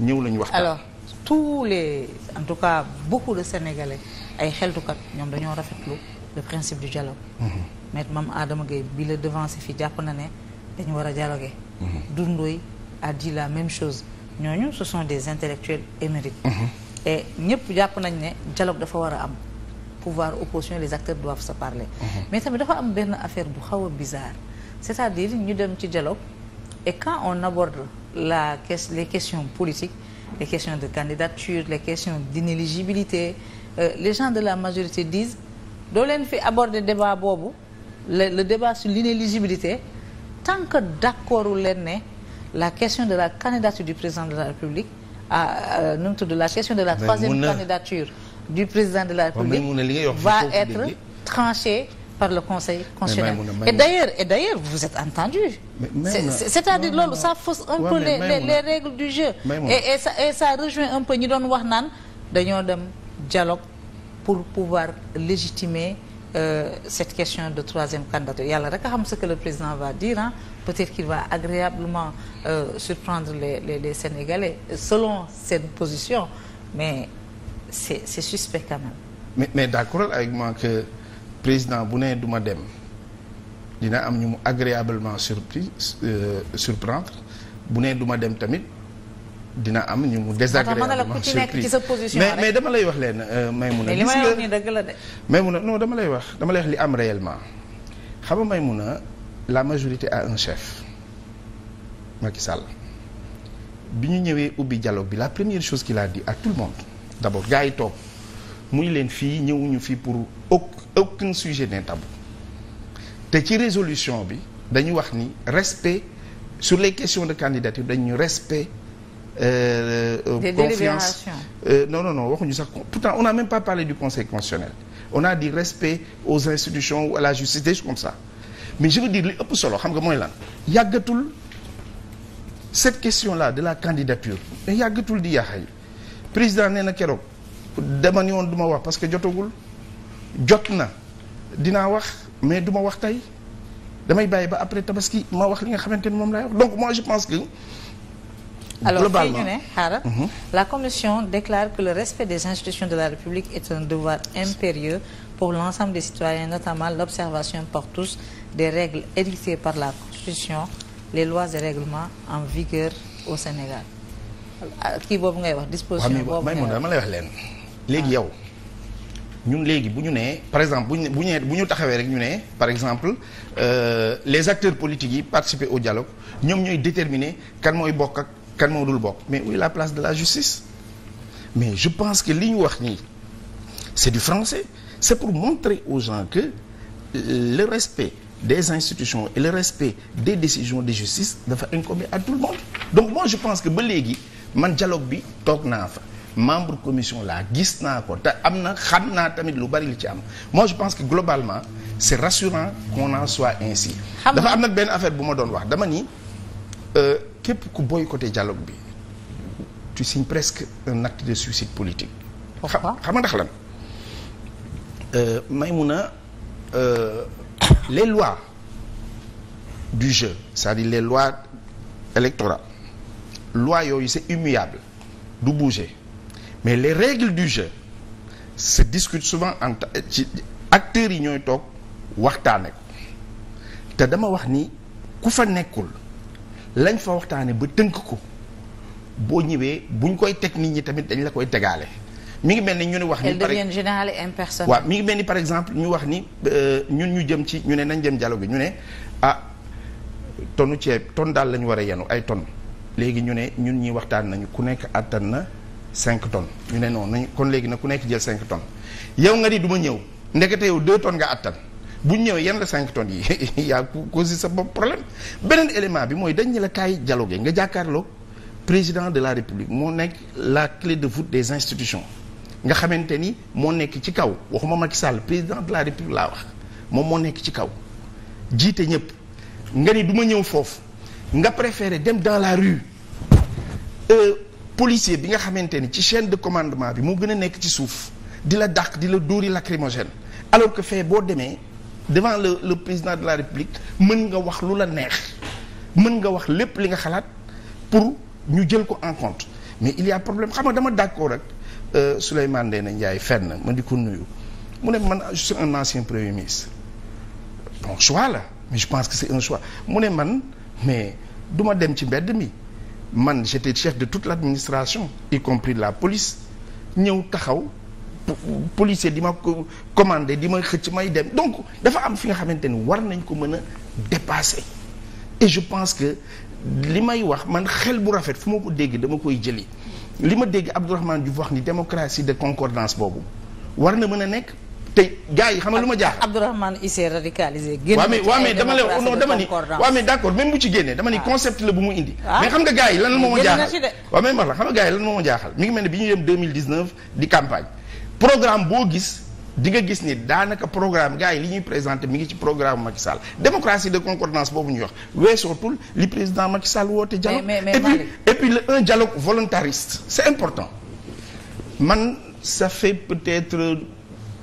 ñëw lañu wax alors tous les en tout cas beaucoup de sénégalais ay xeltukat ñoom dañoo rafetlu le principe du dialogue. Mhm. maître mam aadama Gueye bi la devancé fi jàpp na ne dañu war a dialoguer. Mhm. Dundoy a dit la même chose ñooñu ce sont des intellectuels émérites. Mhm. et ñëpp jàpp nañ ne dialogue dafa war a am pouvoir opposition les acteurs doivent sa parler. mais tamit dafa am benn affaire bu xaw a bizarre c'est-à-dire ñu dem ci dialogue et quand on aborde la les questions politiques les questions de candidature les questions d'inéligibilité euh, les gens de la majorité disent doo leen fi aborder débat boobu le, le débat sur l'inéligibilité tant que d'accordu leen ne la question de la candidature du président de la République à nu de tudd la question de la troisième candidature du président de la République va être tranchée par le conseil constitutionnel et d'ailleurs et d'ailleurs vous êtes entendu c'est-à-dire loolu ça fausse un peu les règles du jeu et ça rejoint un peu ñu doon wax naan dañoo dem dialogue pour pouvoir légitimer Euh, cette question de troisième candidature yàlla rek a xam ce que le président va dire hein peut-être qu'il va agréablement euh, surprendre les, les les Sénégalais selon cette position mais c'est c'est suspect quand même. mais d'accord avec moi président bu ne duma dem dina am ñu mu agréablement surpris euh, surprendre bu nee duma dem tamit dina am ñu mu désagréablement surpris mais mais dama lay wax leen euh, may gis nga Maymuna non dama lay wax dama lay wax li am réellement xam nga Maymuna la majorité a un chef ki Sall bi ñu ñëwee ubbi dialogue bi la première chose qu'il a dit à tout le monde d'abord gars yi toog muy leen fii ñëwuñu fii pour aucun sujet n'est tabou te ci résolution bi dañu wax ni respect sur les questions de candidature dañu respect Euh, euh, des confiance euh, non non non waxuñu sax pourtant on n'a même pas parlé du conseil constitutionnel on a di respect aux institutions ou la justice des choses comme ça mais je veux dire li ëpp solo xam nga mooy lan yàggatul cette question là de la candidature yàggatul di yaaxay président nee na keroog dama ni woon du wax parce que jotagul jot na dinaa wax mais du ma wax tey damay bàyyi ba après tabaski ma wax li nga xamante ni moom laay wax donc moi je pense que. alors fii ñu ne xaaral mhm. la commission déclare que le respect des institutions de la République est un devoir impérieux pour l'ensemble des citoyens notamment l'observation par tous des règles héritées par la Constitution les lois et règlements en vigueur au Sénégal ah, kii boobu ngay wax disposition boobu ngay wax dama lay wax leen léegi ah. yow ñun léegi bu ñu nee par exemple bu ñu bu ñu bu ñu taxawee rek ñu ne par exemple euh, les acteurs politiques yi participer au dialogue ñoom ñooy déterminer kan mooy bokk ak kan moo dul bokk mais où est la place de la justice mais je pense que li ñu wax nii c'est du français c'est pour montrer aux gens que euh, le respect des institutions et le respect des décisions de justice dafa incomber à tout le monde donc moi je pense que ba léegi man dialogue bi toog naa fa membre commission la gis naa ko te am na xam naa tamit lu bari li ci am moi je pense que globalement c'est rassurant qu'on en soit ainsi dafa am na benn affaire bu ma doon wax dama ni euh, képp ku boy côté dialogue bi tu signes presque un acte de suicide politique xam nga ndax lan euh, a euh, les lois du jeu c'est-à-dire les lois électorales loi yooyu c'est immuable du bouger mais les règles du jeu se discutent souvent entre ci acteurs yi ñooy toog waxtaane ko te dama wax ni ku fa nekkul lañ fa waxtaane ba tënk ko boo ñëwee buñ koy teg nit ñi tamit dañ la koy tegaale mi ngi mel ni ñu ne wax ni par waaw mi ngi mel ni par exemple ñu wax ni euh, ñun ñu jëm ci ñu ne nañ jëm dialogue bi ñu ne ah tonu ceeb ton daal la ñu war a yenu ay ton léegi ñu ne ñun ñi waxtaan nañu ku nekk àttan na cinq tonnes ñu ne noonu nañu kon léegi nag ku nekk jël cinq tonnes yow nga di du ma ñëw ndekete yow deux tonnes nga attan bu ñëwee yan la cinq tonnes yi yaa causé sa bopp problème beneen élément bi mooy dañ ne la kaay gee nga jàkkaarloo président de la république moo nekk la clé de voûte des institutions nga xamante ni moo nekk ci kaw waxuma Macky Sall président de la république laa wax moom moo nekk ci kaw jiite ñëpp nga ni du ma ñëw foofu nga préféré dem dans la rue. Euh, policier bi nga xamante ni ci chaîne de commandement bi moo gën a nekk ci suuf di la dàq di la dóori lacrymogène alors que fee boo demee devant le le président de la république mën nga wax lu la neex mën nga wax lépp li nga xalaat pour ñu jël ko en compte mais il y a problème xam nga dama d'accord ak euh, Souleymane Ndéné Ndiaye fenn ma di ko nuyu mu ne man je suis un ancien premier ministre bon choix la mais je pense que c'est un choix mu ne man mais duma dem ci mbedd mi man j'étais chef de toute l'administration y compris la police ñëw taxaw policier di ma ko commander di ma xëcc may dem donc dafa am fi nga xamante ni war nañ ko mën a dépasser et je pense que li may wax man xel bu rafet fu ma ko dégg dama koy jëli li ma dégg Abdourahmane Diouf wax ni démocratie de concordance boobu war na mën a nekk te gars yi xam nga lu ma jaaxal. Abdourahmane il s'est radicalisé. génn ci ay démocratie mais d' accord bu ci génnee dama ni ah. concept la bu mu indi. Ah. mais xam nga gars yi lan moo ma jaaxal jaaxal mi ngi mel ne bi ñu dem di campagne programme boo gis. di gis ni daanaka programme gars yi li ñuy présenté mi ngi ci programme Macky démocratie de concordance boobu ñuy wax weesootul li président Macky Sall woote dialogue et un dialogue volontariste c'est important man ça fait peut-être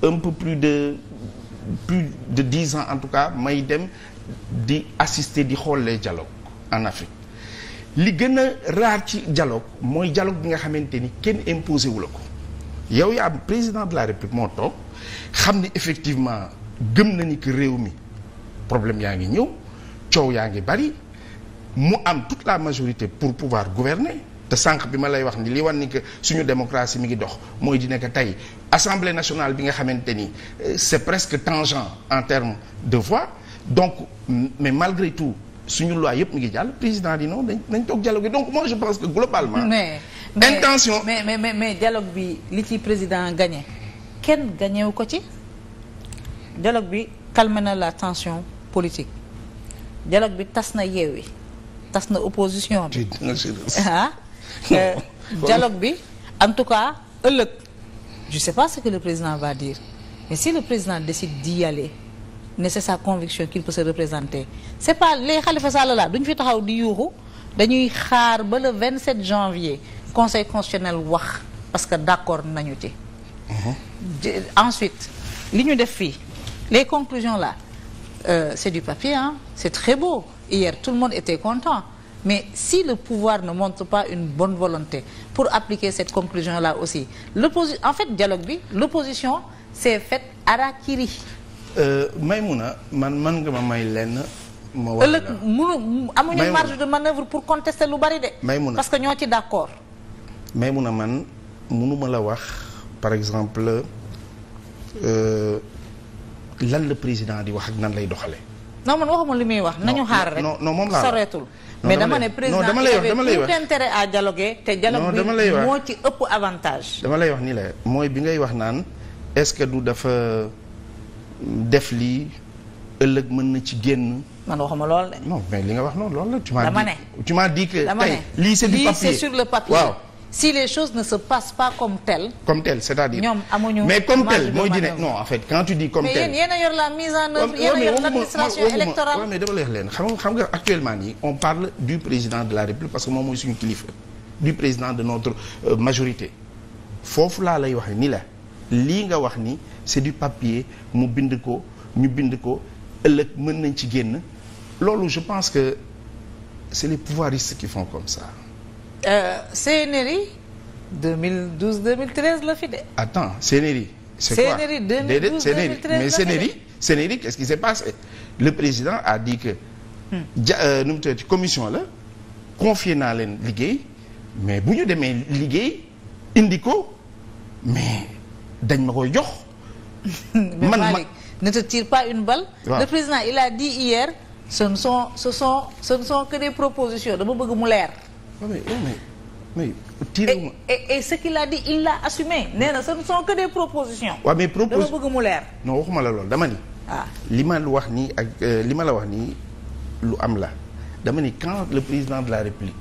un peu plus de plus de dix ans en tout cas may dem di assister di xool les dialogues en Afrique li gën a raar ci dialogue mooy dialogue bi nga xamante ni kenn imposé wu la ko yow yaa am président de la république moo toog xam ni effectivement gëm na ni réew mi problème yaa ngi ñëw coow yaa ngi bari mu am tout la majorité pour pouvoir gouverner te sànq bi ma lay wax ni li wan ni que suñu démocratie mi ngi dox mooy di nekk tey assemblée nationale bi nga xamante ni euh, c'est presque tangent en termes de voix donc mais malgré tout suñu loi yëpp mi ngi jàll président di non dañ dañ toog dialogue donc moi je pense que globalement. mais intention mais mais mais, mais dialogue bi li ci président gagné kenn gagnéwu ko ci dialogue bi calme la tension politique dialogue bi tas na yeewi tas na opposition bi. Ah? Euh, dialogue bi en tout cas ëllëg. je sais pas ce que le président va dire mais si le président décide d'y aller ne c'est sa conviction qu'il peut se représenter c'est pas les Khalifa Sall la duñu fi taxaw di yuuxu dañuy xaar ba le 27 janvier conseil constitutionnel wax parce que d'accord nañu ci ensuite li ñu def fii les conclusions là euh, c'est du papier hein c'est très beau hier tout le monde était content Mais si le pouvoir ne montre pas une bonne volonté pour appliquer cette conclusion-là aussi, en fait, dialogue bi, l'opposition s'est faite harakiri. Euh, Maïmouna, man man nga ma may lenn ma wax la. ëllëg mënu amuñu marge de manœuvre pour contester lu bari de. Maïmouna parce que ñoo ci d'accord. a man mënuma la wax par exemple euh, lan la président di wax ak nan lay doxale non man waxuma li muy wax nañu xaar rek. non moom laa soreetul. mais dama ne président dama lay wax lay wax tout intérêt à dialoguer te dialogue bi moo ci ëpp avantage. dama lay wax nii la mooy bi ngay wax naan est-ce que du dafa def li ëllëg mën na ci génn. man waxuma lool de. non mais li nga wax noonu lool la. dama ne dama ne lii c'est du papier le papier waaw. si les choses ne se passent pas comme telles. comme telles c'est-à-dire ñoom amuñu. mais comme telles mooy dina non en fait quand tu dis comme telles mais yéen yéen a yor la mise en œuvre yéen a yor l'administration électorale waaw mais dama leer leen xam nga xam nga actuellement nii on parle du président de la République parce que moom mooy suñu kilifa du président de notre euh, majorité foofu laa lay wax ni la lii nga wax ni c'est du papier mu bind ko ñu bind ko ëllëg mën nañ ci génn loolu je pense que c'est les pouvoiristes qui font comme ça. CNRI 2012 2013 la fi de. attends CNRI. c'est quoi CNRI 2012 2013 mais CNRI CNRI qu'est-ce qui s'est passé le président a dit que. Hmm. ja euh, nu mu tuddati commission la confié naa leen liggéey mais bu ñu demee liggéey indi ko mais dañ ma koy jox. man ma ne te tire pas une balle. Ouais. le président il a dit hier ce ne sont ce sont ce ne sont que des propositions dama bëgg mu leer. mais mais mais. et et ce qu'il a l'a assumé nee na ce ne sont que des propositions. waaw mais propos dama bëgg mu leer. non waxuma la loolu dama ni. ah li ma wax nii ak euh, li ma la wax nii lu am la dama ni quand le président de la République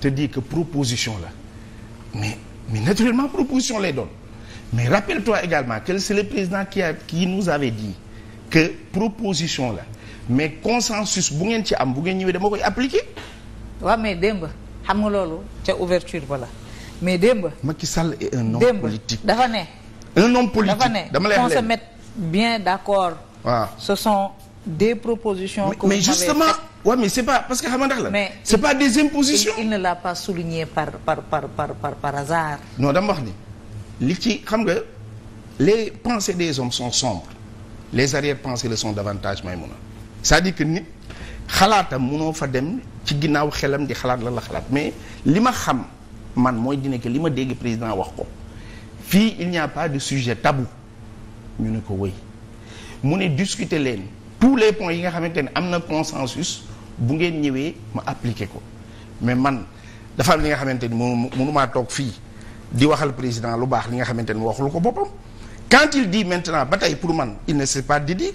te di que proposition la mais mais naturellement proposition lay doon mais rappelle-toi également que c'est le président ki a qui nous avait dit que proposition la mais consensus bu ngeen ci am bu ngeen ñëwee dama koy appliquer. waaw mais démb. xam nga loolu ca ouverture ba la mais démb. Macky Sall est un homme politique dafa ne. un homme politique dafa ne dama lay on se met bien d'accord. waaw ce sont des propositions. que mais justement c'est pas parce que xam nga ndax la. mais c'est pas des impositions. il ne l'a pas souligné par par par par par hasard. non dama wax ni li ci xam nga les pensées des hommes sont sombres les arrière-pensées le sont davantage Maïmouna c'est-à-dire que nit. xalaatam munoo fa dem ci ginnaaw xelam di xalaat la la xalaat mais li ma xam man mooy dina que li ma dégg président wax ko fii il n'y a pas de sujet tabou ñu ne ko wëy mu ne discuter leen tous les points yi nga xamante ne am na consensus bu ngeen ñëwee ma appliquer ko mais man dafa am li nga xamante ni mu mënumaa toog fii di waxal président lu baax li nga xamante ni waxul ko boppam quand il dit maintenant ba tey pour man il ne sait pas di dire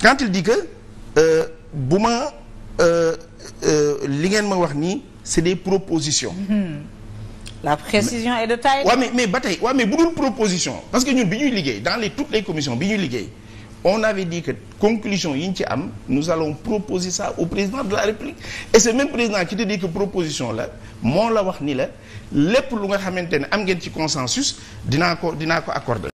quand il bu ma euh, euh, li ngeen ma wax nii c'est des propositions. Mhm. la précision est de taille. waaw mais ba tey waaw mais bu dul proposition parce que ñun bi ñuy liggéey dans les toutes les commissions bi ñuy liggéey on avait dit que conclusion yi ñu ci am nous allons proposer ça au président de la République et ce même président qui te dit que proposition la moo la wax ni la lépp lu nga xamante ne am ngeen ci consensus dina ko dinaa ko accorder.